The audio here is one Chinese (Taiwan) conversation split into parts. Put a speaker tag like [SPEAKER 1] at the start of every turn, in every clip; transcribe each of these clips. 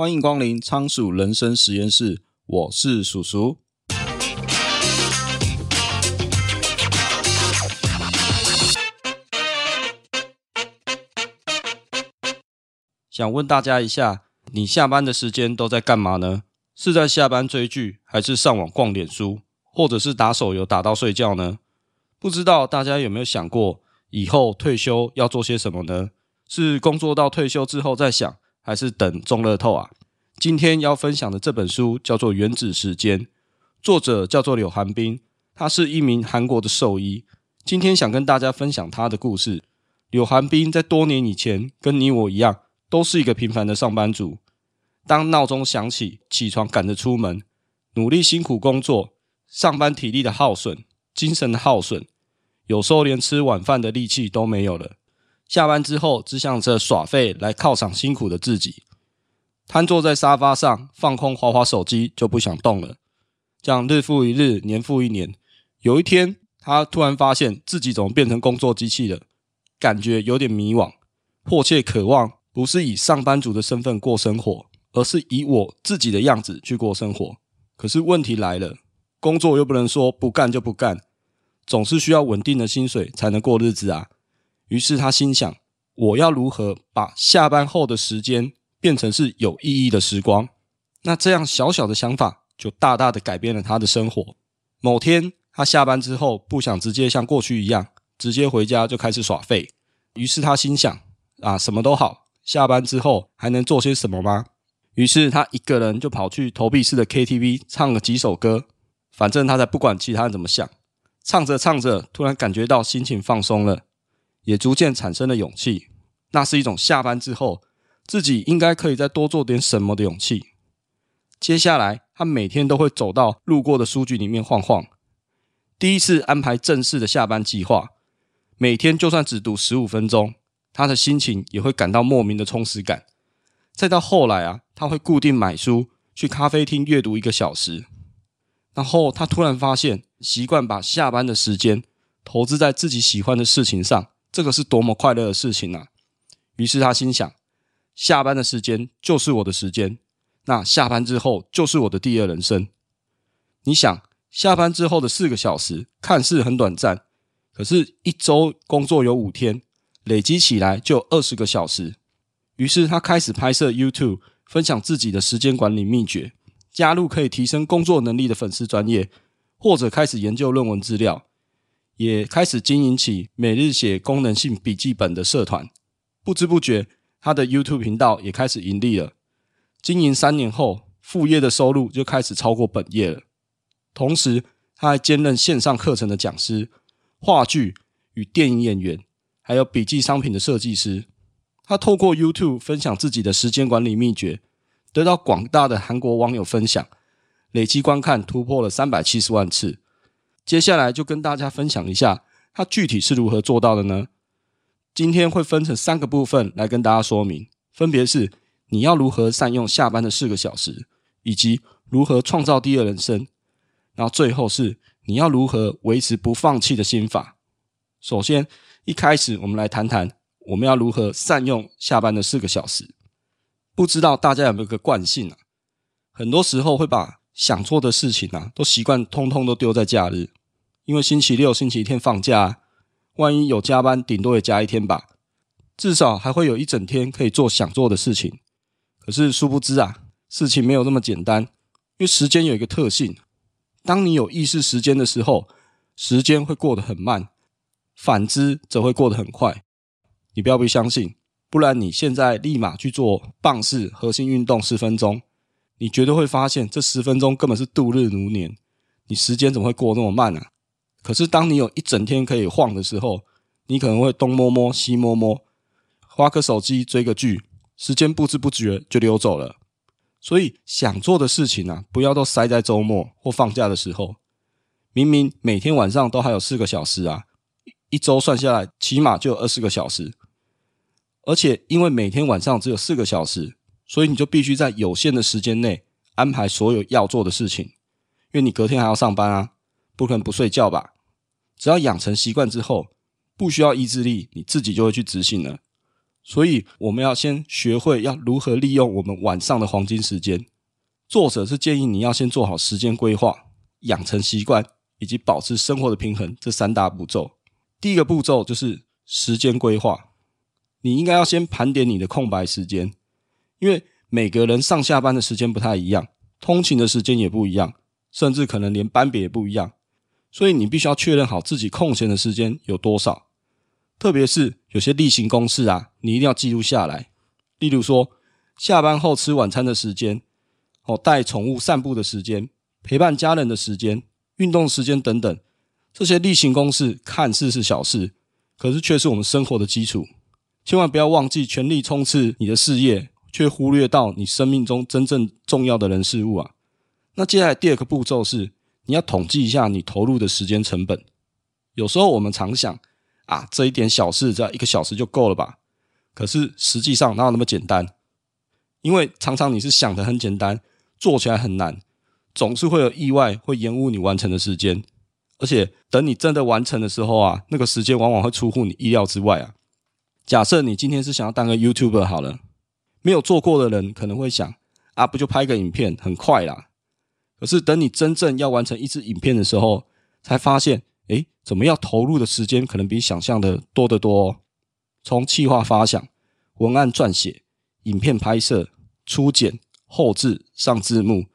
[SPEAKER 1] 歡迎光臨倉鼠人生實驗室，我是鼠鼠。想問大家一下，你下班的時間都在幹嘛呢？是在下班追劇，還是上網逛臉書，或者是打手遊打到睡覺呢？不知道大家有沒有想過，以後退休要做些什麼呢？是工作到退休之後再想？還是等中樂透啊！今天要分享的這本書叫做《原子時間》，作者叫做柳韓彬，他是一名韓國的獸醫。今天想跟大家分享他的故事。柳韓彬在多年以前，跟你我一樣，都是一個平凡的上班族。當鬧鐘響起，起床趕着出門，努力辛苦工作，上班體力的耗損，精神的耗損，有時候連吃晚飯的力氣都沒有了。下班之後只想着耍廢，來犒賞辛苦的自己，癱坐在沙發上，放空滑滑手機，就不想動了。這樣日復一日，年復一年，有一天他突然發現自己怎麼變成工作機器了，感覺有點迷惘，迫切渴望不是以上班族的身份過生活，而是以我自己的樣子去過生活。可是問題來了，工作又不能說不幹就不幹，總是需要穩定的薪水才能過日子啊。於是他心想：“我要如何把下班後的時間變成是有意義的時光？”那這樣小小的想法就大大的改變了他的生活。某天，他下班之後不想直接像過去一樣直接回家就開始耍廢。於是他心想：“啊，什麼都好，下班之後還能做些什麼嗎？”於是他一個人就跑去投幣式的 KTV 唱了幾首歌，反正他才不管其他人怎麼想。唱着唱着，突然感覺到心情放鬆了。也逐漸產生了勇氣，那是一種下班之後自己應該可以再多做點什麼的勇氣。接下來，他每天都會走到路過的書局裡面晃晃。第一次安排正式的下班計劃，每天就算只讀十五分鐘，他的心情也會感到莫名的充實感。再到後來啊，他會固定買書去咖啡廳閱讀一個小時，然後他突然發現，習慣把下班的時間投資在自己喜歡的事情上。這個是多麼快樂的事情啊！於是他心想：下班的時間就是我的時間，那下班之後就是我的第二人生。你想，下班之後的四個小時看似很短暫，可是，一週工作有五天，累積起來就有二十個小時。於是他開始拍攝 YouTube，分享自己的時間管理秘訣，加入可以提升工作能力的粉絲專業，或者開始研究論文資料。也開始經營起每日寫功能性筆記本的社團，不知不覺，他的 YouTube 頻道也開始盈利了。經營三年後，副業的收入就開始超過本業了。同時，他還兼任線上課程的講師、話劇與電影演員，還有筆記商品的設計師。他透過 YouTube 分享自己的時間管理秘訣，得到廣大的韓國網友分享，累計觀看突破了三百七十萬次。接下來就跟大家分享一下，它具體是如何做到的呢？今天會分成三個部分來跟大家說明，分別是你要如何善用下班的四個小時，以及如何創造第二人生，然後最後是你要如何維持不放棄的心法。首先，一開始我們來談談我們要如何善用下班的四個小時。不知道大家有沒有個慣性啊？很多時候會把想做的事情啊，都習慣通通都丟在假日。因為星期六、星期天放假、啊，萬一有加班，頂多也加一天吧，至少還會有一整天可以做想做的事情。可是殊不知啊，事情沒有那麼簡單。因為時間有一個特性：當你有意識時間的時候，時間會過得很慢；反之則會過得很快。你不要不相信，不然你現在立馬去做棒式核心運動十分鐘，你絕對會發現這十分鐘根本是度日如年。你時間怎麼會過那麼慢呢、啊？可是，當你有一整天可以晃的時候，你可能會東摸摸、西摸摸，花個手機追個劇，時間不知不覺就溜走了。所以，想做的事情啊，不要都塞在周末或放假的時候。明明每天晚上都還有四個小時啊，一周算下來起碼就有二十個小時。而且，因為每天晚上只有四個小時，所以你就必須在有限的時間內安排所有要做的事情，因為你隔天還要上班啊。不可能不睡覺吧？只要養成習慣之後，不需要意志力，你自己就會去執行了。所以，我們要先學會要如何利用我們晚上的黃金時間。作者是建議你要先做好時間規劃、養成習慣以及保持生活的平衡這三大步驟。第一個步驟就是時間規劃，你應該要先盤點你的空白時間，因為每個人上下班的時間不太一樣，通勤的時間也不一樣，甚至可能連班別也不一樣。所以你必須要確認好自己空閒的時間有多少，特別是有些例行公事啊，你一定要記錄下來。例如說，下班後吃晚餐的時間，哦，帶寵物散步的時間，陪伴家人的時間，運動時間等等，這些例行公事看似是小事，可是卻是我們生活的基礎。千萬不要忘記全力衝刺你的事業，卻忽略到你生命中真正重要的人事物啊。那接下來第二個步驟是。你要統計一下你投入的時間成本。有時候我們常想啊，這一點小事只要一個小時就夠了吧？可是實際上哪有那麼簡單？因為常常你是想得很簡單，做起來很難，總是會有意外，會延誤你完成的時間。而且等你真的完成的時候啊，那個時間往往會出乎你意料之外啊。假設你今天是想要當個 YouTuber 好了，沒有做過的人可能會想啊，不就拍個影片，很快啦。可是，等你真正要完成一支影片的時候，才發現，誒、欸，怎麼要投入的時間可能比想象的多得多哦。從企劃發想、文案撰寫、影片拍攝、初剪、後製、上字幕，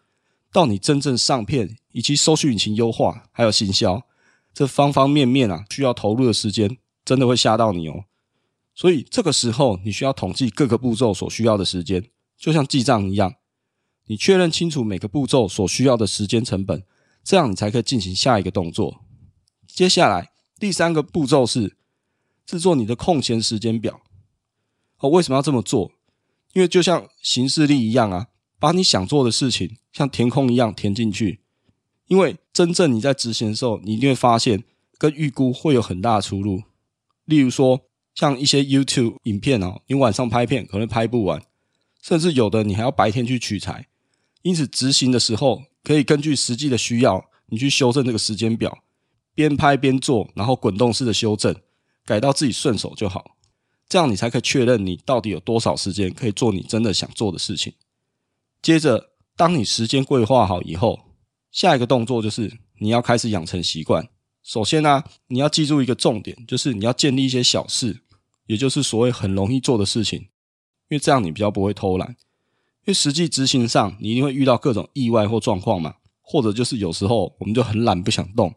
[SPEAKER 1] 到你真正上片以及搜索引擎優化，還有行銷，這方方面面啊，需要投入的時間真的會嚇到你哦。所以，這個時候你需要統計各個步驟所需要的時間，就像記賬一樣。你確認清楚每個步驟所需要的時間成本，這樣你才可以進行下一個動作。接下來第三個步驟是製作你的空閒時間表。哦，為什麼要這麼做？因為就像行事曆一樣啊，把你想做的事情像填空一樣填進去。因為真正你在執行的時候，你一定會發現跟預估會有很大的出入。例如說，像一些 YouTube 影片哦、喔，你晚上拍片可能拍不完，甚至有的你還要白天去取材。因此，執行的時候可以根據實際的需要，你去修正這個時間表，邊拍邊做，然後滾動式的修正，改到自己順手就好。這樣你才可以確認你到底有多少時間可以做你真的想做的事情。接着，當你時間規劃好以後，下一個動作就是你要開始養成習慣。首先呢、啊，你要記住一個重點，就是你要建立一些小事，也就是所謂很容易做的事情，因為這樣你比較不會偷懶。因為實際執行上，你一定會遇到各種意外或狀況嘛，或者就是有時候我們就很懶不想動，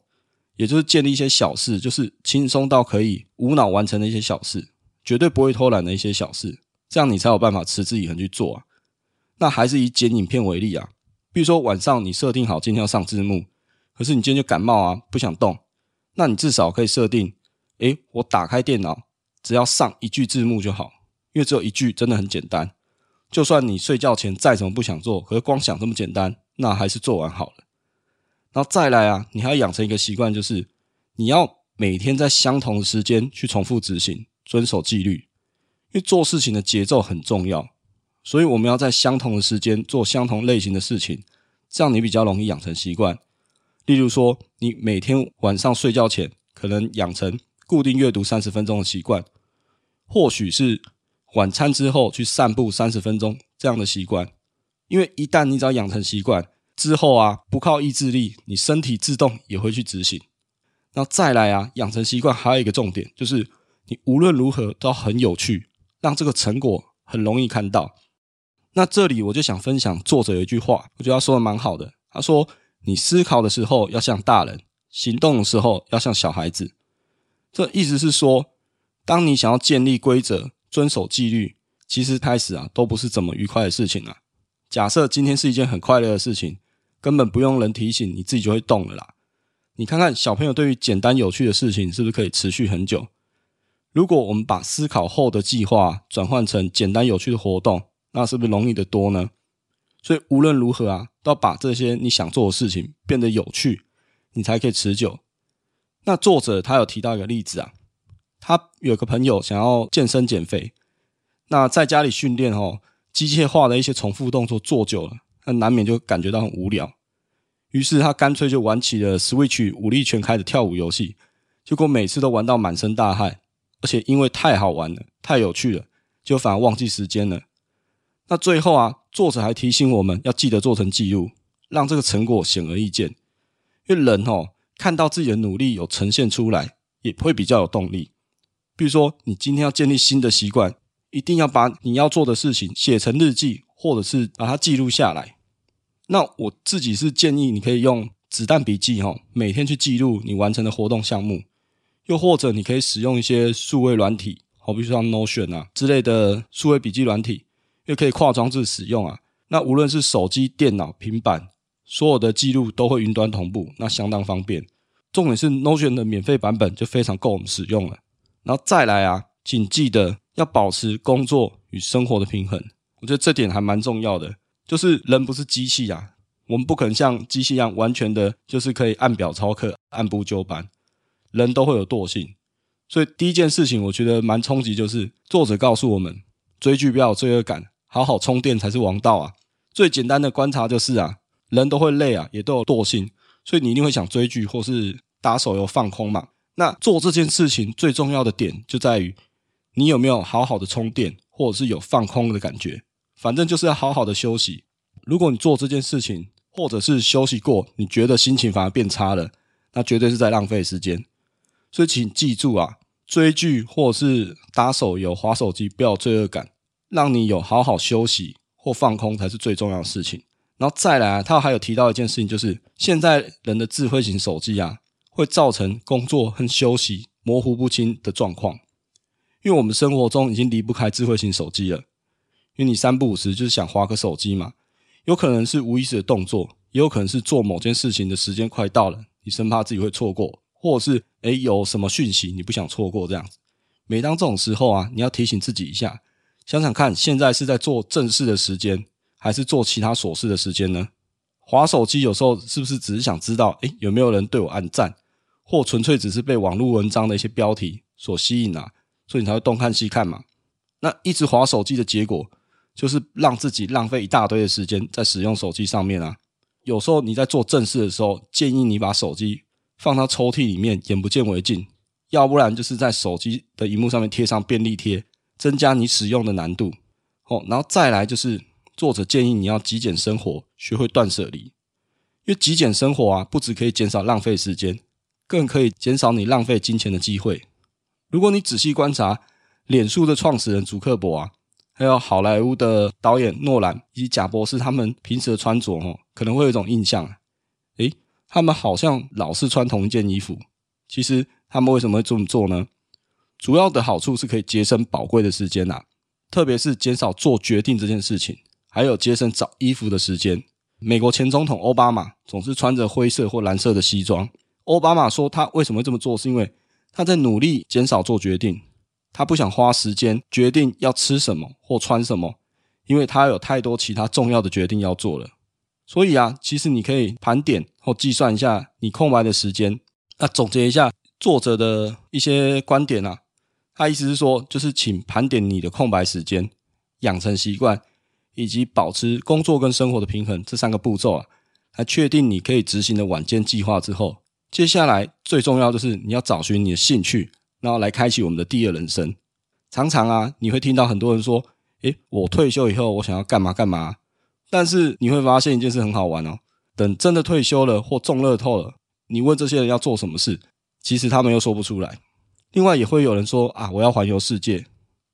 [SPEAKER 1] 也就是建立一些小事，就是輕鬆到可以無腦完成的一些小事，絕對不會偷懶的一些小事，這樣你才有辦法持之以恆去做啊。那還是以剪影片為例啊，比如說晚上你設定好今天要上字幕，可是你今天就感冒啊，不想動，那你至少可以設定，誒，欸，我打開電腦，只要上一句字幕就好，因為只有一句真的很簡單。就算你睡覺前再怎麼不想做，可是光想這麼簡單，那還是做完好了。然後再來啊，你還要養成一個習慣，就是你要每天在相同的時間去重複執行，遵守紀律。因為做事情的節奏很重要，所以我們要在相同的時間做相同類型的事情，這樣你比較容易養成習慣。例如說，你每天晚上睡覺前，可能養成固定閱讀三十分鐘的習慣，或許是，晚餐之後去散步三十分鐘這樣的習慣，因為一旦你只要養成習慣之後啊，不靠意志力，你身體自動也會去執行。那再來啊，養成習慣還有一個重點，就是你無論如何都要很有趣，讓這個成果很容易看到。那這裡我就想分享作者有一句話，我覺得他說的蠻好的。他說：“你思考的時候要像大人，行動的時候要像小孩子。”這意思是說，當你想要建立規則。遵守紀律，其實開始啊都不是怎麼愉快的事情啊。假設今天是一件很快樂的事情，根本不用人提醒，你自己就會動了啦。你看看小朋友對於簡單有趣的事情，是不是可以持續很久？如果我們把思考後的計劃啊，轉換成簡單有趣的活動，那是不是容易得多呢？所以無論如何啊，都要把這些你想做的事情變得有趣，你才可以持久。那作者他有提到一個例子啊。他有個朋友想要健身減肥，那在家裡訓練哦，機械化的一些重複動作做久了，那難免就感覺到很無聊。於是他乾脆就玩起了 Switch 舞力全開的跳舞遊戲，結果每次都玩到滿身大汗，而且因為太好玩了，太有趣了，就反而忘記時間了。那最後啊，作者還提醒我們要記得做成記錄，讓這個成果顯而易見，因為人哦看到自己的努力有呈現出來，也會比較有動力。比如說，你今天要建立新的習慣，一定要把你要做的事情寫成日記，或者是把它記錄下來。那我自己是建議你可以用子彈筆記哈，每天去記錄你完成的活動項目，又或者你可以使用一些數位軟體，好，比如說 Notion 啊之類的數位筆記軟體，又可以跨裝置使用啊。那無論是手機、電腦、平板，所有的記錄都會雲端同步，那相當方便。重點是 Notion 的免費版本就非常夠我們使用了。然後再來啊，請記得要保持工作與生活的平衡。我覺得這點還蠻重要的，就是人不是機器啊，我們不可能像機器一樣完全的，就是可以按表操課、按部就班。人都會有惰性，所以第一件事情，我覺得蠻衝擊就是作者告訴我們，追劇不要有罪惡感，好好充電才是王道啊。最簡單的觀察就是啊，人都會累啊，也都有惰性，所以你一定會想追劇或是打手遊放空嘛。那做這件事情最重要的點就在於，你有沒有好好的充電，或者是有放空的感覺？反正就是要好好的休息。如果你做這件事情，或者是休息過，你覺得心情反而變差了，那絕對是在浪費時間。所以，請記住啊，追劇或者是打手遊、滑手機，不要罪惡感，讓你有好好休息或放空才是最重要的事情。然後再來啊，他還有提到一件事情，就是現在人的智慧型手機啊。會造成工作和休息模糊不清的狀況，因為我們生活中已經離不開智慧型手機了。因為你三不五時就是想滑個手機嘛，有可能是無意識的動作，也有可能是做某件事情的時間快到了，你生怕自己會錯過，或者是誒有什麼訊息你不想錯過這樣子。每當這種時候啊，你要提醒自己一下，想想看現在是在做正事的時間，還是做其他瑣事的時間呢？滑手機有時候是不是只是想知道，誒有沒有人對我按讚？或純粹只是被網絡文章的一些標題所吸引啊，所以你才會東看西看嘛。那一直滑手機的結果，就是讓自己浪費一大堆的時間在使用手機上面啊。有時候你在做正事的時候，建議你把手機放到抽屜裡面，眼不見為淨；要不然就是在手機的熒幕上面貼上便利貼，增加你使用的難度。哦，然後再來就是作者建議你要極簡生活，學會斷舍離，因為極簡生活啊，不只可以減少浪費時間。更可以減少你浪費金錢的機會。如果你仔細觀察，臉書的創始人祖克伯啊，還有好萊塢的導演諾蘭以及賈伯斯，他們平時的穿着哦，可能會有一種印象、啊，哎、欸，他們好像老是穿同一件衣服。其實他們為什麼會這麼做呢？主要的好處是可以節省寶貴的時間吶、啊，特別是減少做決定這件事情，還有節省找衣服的時間。美國前總統歐巴馬總是穿着灰色或藍色的西裝。奧巴馬說，他為什麼會這麼做？是因為他在努力減少做決定，他不想花時間決定要吃什麼或穿什麼，因為他有太多其他重要的決定要做了。所以啊，其實你可以盤點或計算一下你空白的時間。那總結一下作者的一些觀點啊，他意思是說，就是請盤點你的空白時間，養成習慣，以及保持工作跟生活的平衡這三個步驟啊，來確定你可以執行的晚間計劃之後。接下來最重要就是你要找尋你的興趣，然後來開啟我們的第二人生。常常啊，你會聽到很多人說：“誒、欸，我退休以後我想要幹嘛幹嘛、啊。”但是你會發現一件事很好玩哦，等真的退休了或中樂透了，你問這些人要做什麼事，其實他們又說不出來。另外也會有人說：“啊，我要環遊世界。”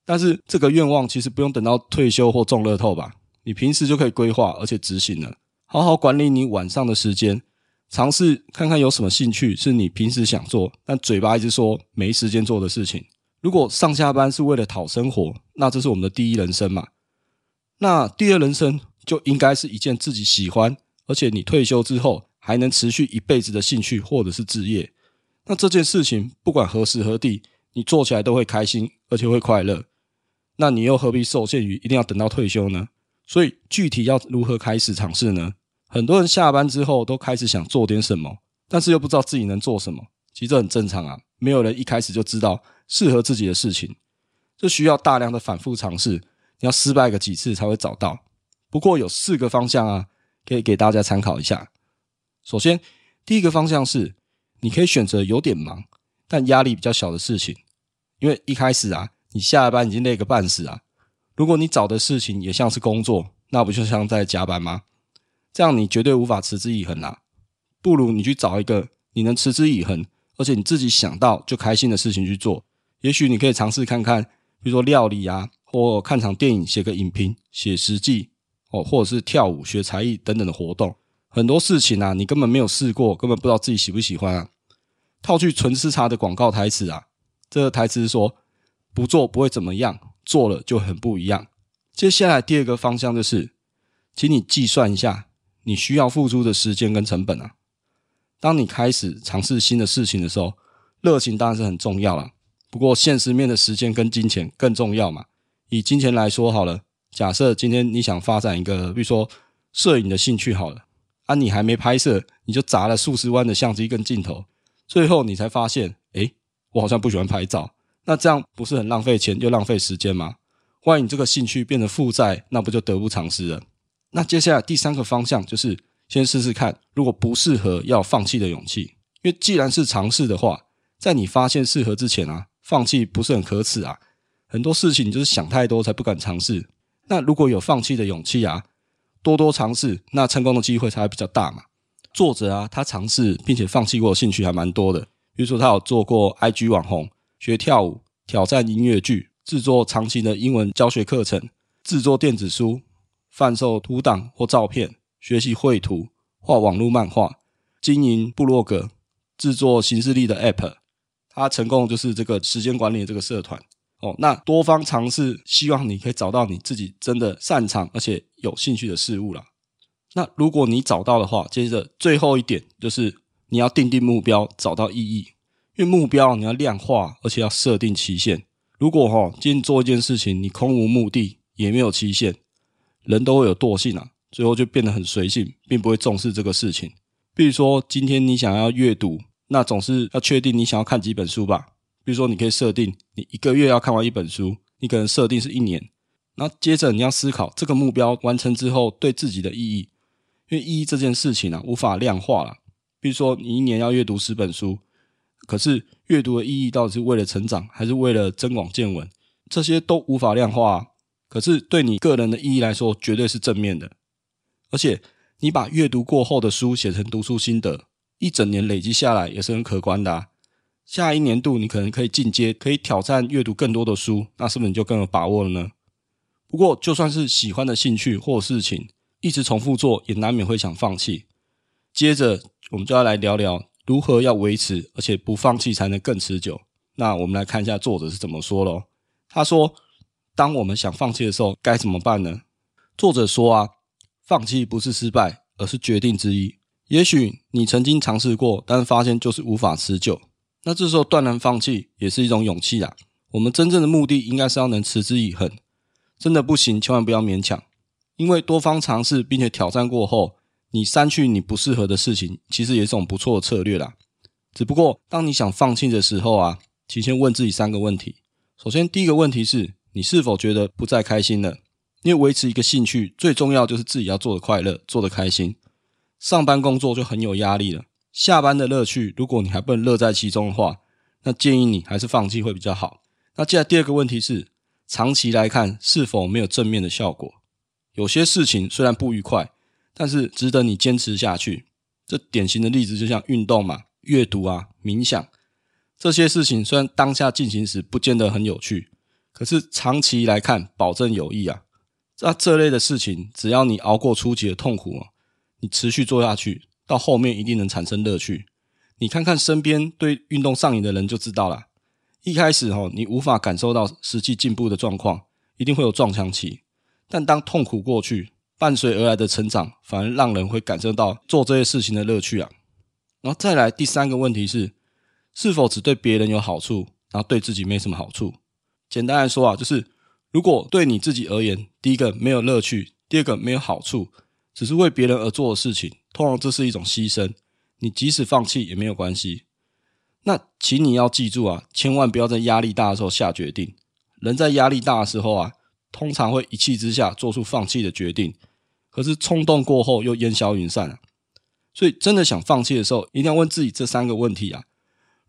[SPEAKER 1] 但是這個願望其實不用等到退休或中樂透吧，你平時就可以規劃而且執行了。好好管理你晚上的時間。嘗試看看有什麼興趣是你平時想做但嘴巴一直說沒時間做的事情。如果上下班是為了討生活，那這是我們的第一人生嘛？那第二人生就應該是一件自己喜歡，而且你退休之後還能持續一輩子的興趣或者是職業。那這件事情不管何時何地，你做起來都會開心，而且會快樂。那你又何必受限於一定要等到退休呢？所以，具體要如何開始嘗試呢？很多人下班之後都開始想做點什麼，但是又不知道自己能做什麼。其實這很正常啊，沒有人一開始就知道適合自己的事情，這需要大量的反復嘗試。你要失敗個幾次才會找到。不過有四個方向啊，可以給大家參考一下。首先，第一個方向是你可以選擇有點忙，但壓力比較小的事情，因為一開始啊，你下了班已經累個半死啊。如果你找的事情也像是工作，那不就像在加班嗎？這樣你絕對無法持之以恆啦、啊。不如你去找一個你能持之以恆，而且你自己想到就開心的事情去做。也許你可以嘗試看看，比如說料理啊，或看場電影、寫個影評、寫實際哦，或者是跳舞、學才藝等等的活動。很多事情啊，你根本沒有試過，根本不知道自己喜不喜歡啊。套句純喫茶的廣告台詞啊，這個台詞是說：不做不會怎麼樣，做了就很不一樣。接下來第二個方向就是，請你計算一下。你需要付出的時間跟成本啊！當你開始嘗試新的事情的時候，熱情當然是很重要了。不過現實面的時間跟金錢更重要嘛。以金錢來說好了，假設今天你想發展一個，比如說攝影的興趣好了，啊，你還沒拍攝，你就砸了數十萬的相機跟鏡頭，最後你才發現，誒，我好像不喜歡拍照。那這樣不是很浪費錢又浪費時間嗎？萬一你這個興趣變得負債，那不就得不償失了？那接下來第三個方向就是先試試看，如果不適合要放棄的勇氣，因為既然是嘗試的話，在你發現適合之前啊，放棄不是很可恥啊？很多事情你就是想太多才不敢嘗試。那如果有放棄的勇氣啊，多多嘗試，那成功的機會才會比較大嘛。作者啊，他嘗試並且放棄過的興趣還蠻多的，比如說他有做過 IG 網紅、學跳舞、挑戰音樂劇、製作長期的英文教學課程、製作電子書。販售圖檔或照片、學習繪圖、畫網絡漫畫、經營部落格、製作行事曆的 App，他成功就是這個時間管理的這個社團哦。那多方嘗試，希望你可以找到你自己真的擅長而且有興趣的事物啦。那如果你找到的話，接着最後一點就是你要定定目標，找到意義，因為目標你要量化，而且要設定期限。如果哈、哦，今天做一件事情，你空無目的，也沒有期限。人都會有惰性啊，最後就變得很隨性，並不會重視這個事情。比如說，今天你想要閱讀，那總是要確定你想要看幾本書吧。比如說，你可以設定你一個月要看完一本書，你可能設定是一年。那接着你要思考這個目標完成之後對自己的意義，因為意義這件事情啊，無法量化了。比如說，你一年要閱讀十本書，可是閱讀的意義到底是為了成長，還是為了增廣見聞？這些都無法量化啊。可是對你個人的意義來說，絕對是正面的，而且你把閱讀過後的書寫成讀書心得，一整年累積下來也是很可觀的啊。下一年度你可能可以進階，可以挑戰閱讀更多的書，那是不是你就更有把握了呢？不過，就算是喜歡的興趣或事情，一直重複做，也難免會想放棄。接着，我們就要來聊聊如何要維持，而且不放棄才能更持久。那我們來看一下作者是怎麼說嘍。他說。當我們想放棄的時候，該怎麼辦呢？作者說啊，放棄不是失敗，而是決定之一。也許你曾經嘗試過，但發現就是無法持久。那這時候斷然放棄也是一種勇氣啦、啊。我們真正的目的應該是要能持之以恆。真的不行，千萬不要勉強，因為多方嘗試並且挑戰過後，你刪去你不適合的事情，其實也是一種不錯的策略啦。只不過，當你想放棄的時候啊，提前問自己三個問題。首先，第一個問題是。你是否覺得不再開心了？因為維持一個興趣最重要就是自己要做得快樂，做得開心。上班工作就很有壓力了，下班的樂趣如果你還不能樂在其中的話，那建議你還是放棄會比較好。那接下來第二個問題是，長期來看是否沒有正面的效果？有些事情雖然不愉快，但是值得你堅持下去。這典型的例子就像運動嘛、閱讀啊、冥想這些事情，雖然當下進行時不見得很有趣。可是長期來看，保證有益啊，那、啊、這類的事情，只要你熬過初期的痛苦、啊、你持續做下去，到後面一定能產生樂趣。你看看身邊對運動上癮的人就知道了。一開始哦，你無法感受到實際進步的狀況，一定會有撞牆期。但當痛苦過去，伴隨而來的成長，反而讓人會感受到做這些事情的樂趣啊。然後再來第三個問題是，是否只對別人有好處，然後對自己沒什麼好處？簡單來說啊，就是如果對你自己而言，第一個沒有樂趣，第二個沒有好處，只是為別人而做的事情，通常這是一種犧牲。你即使放棄也沒有關係。那請你要記住啊，千萬不要在壓力大的時候下決定。人在壓力大的時候啊，通常會一氣之下做出放棄的決定，可是衝動過後又煙消雲散了啊。所以，真的想放棄的時候，一定要問自己這三個問題啊。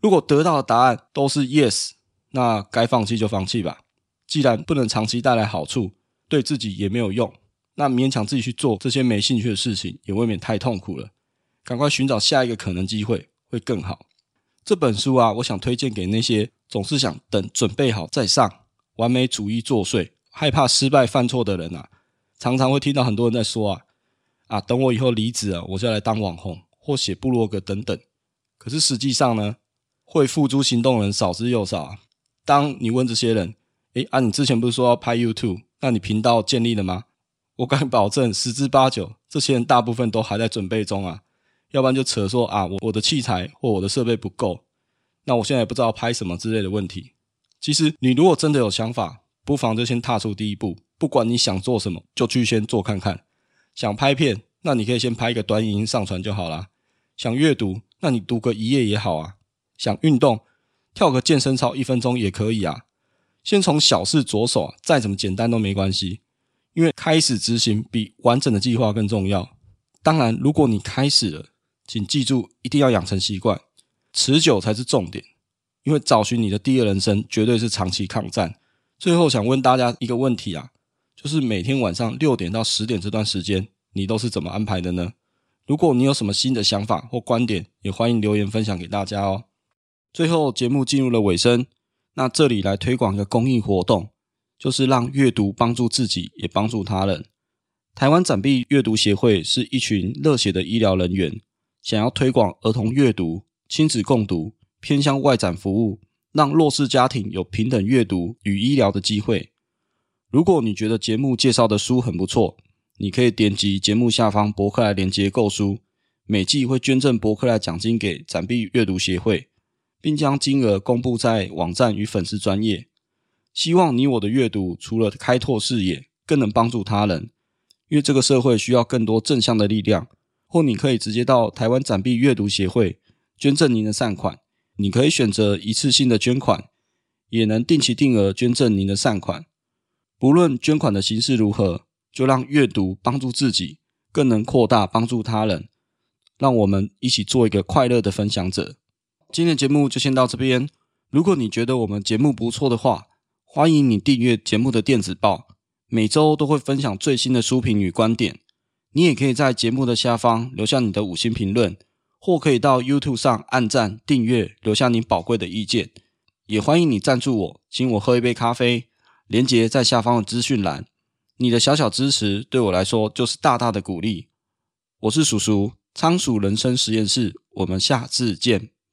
[SPEAKER 1] 如果得到的答案都是 yes。那該放棄就放棄吧，既然不能長期帶來好處，對自己也沒有用，那勉強自己去做這些沒興趣的事情，也未免太痛苦了。趕快尋找下一個可能機會會更好。這本書啊，我想推薦給那些總是想等準備好再上，完美主義作祟，害怕失敗犯錯的人啊。常常會聽到很多人在說啊啊，等我以後離職啊，我就來當網紅或寫部落格等等。可是實際上呢，會付諸行動的人少之又少啊。當你問這些人，哎啊，你之前不是說要拍 YouTube？那你頻道建立了嗎？我敢保證十之八九，這些人大部分都還在準備中啊。要不然就扯說啊，我我的器材或我的設備不夠，那我現在也不知道拍什麼之類的問題。其實你如果真的有想法，不妨就先踏出第一步。不管你想做什麼，就去先做看看。想拍片，那你可以先拍一個短影音上傳就好啦；想閱讀，那你讀個一頁也好啊。想運動，跳個健身操一分鐘也可以啊，先從小事着手啊，再怎麼簡單都沒關係，因為開始執行比完整的計劃更重要。當然，如果你開始了，請記住一定要養成習慣，持久才是重點。因為找尋你的第二人生絕對是長期抗戰。最後想問大家一個問題啊，就是每天晚上六點到十點這段時間，你都是怎麼安排的呢？如果你有什麼新的想法或觀點，也歡迎留言分享給大家哦。最後節目進入了尾聲，那這裡來推廣一個公益活動，就是讓閱讀幫助自己也幫助他人。台灣展臂閱讀協會是一群熱血的醫療人員，想要推廣兒童閱讀、親子共讀、偏向外展服務，讓弱勢家庭有平等閱讀與醫療的機會。如果你覺得節目介紹的書很不錯，你可以點擊節目下方博客來連結購書，每季會捐贈博客來獎金給展臂閱讀協會。並將金額公布在網站與粉絲專頁，希望你我的閱讀除了開拓視野，更能幫助他人。因為這個社會需要更多正向的力量。或你可以直接到台灣展臂閱讀協會捐贈您的善款。你可以選擇一次性的捐款，也能定期定額捐贈您的善款。不論捐款的形式如何，就讓閱讀幫助自己，更能擴大幫助他人。讓我們一起做一個快樂的分享者。今天的節目就先到這邊。如果你覺得我們節目不錯的話，歡迎你訂閱節目的電子報，每周都會分享最新的書評與觀點。你也可以在節目的下方留下你的五星評論，或可以到 YouTube 上按贊訂閱，留下你寶貴的意見。也歡迎你贊助我，請我喝一杯咖啡，連接在下方的資訊欄。你的小小支持對我來說就是大大的鼓勵。我是叔叔，倉鼠人生實驗室，我們下次見。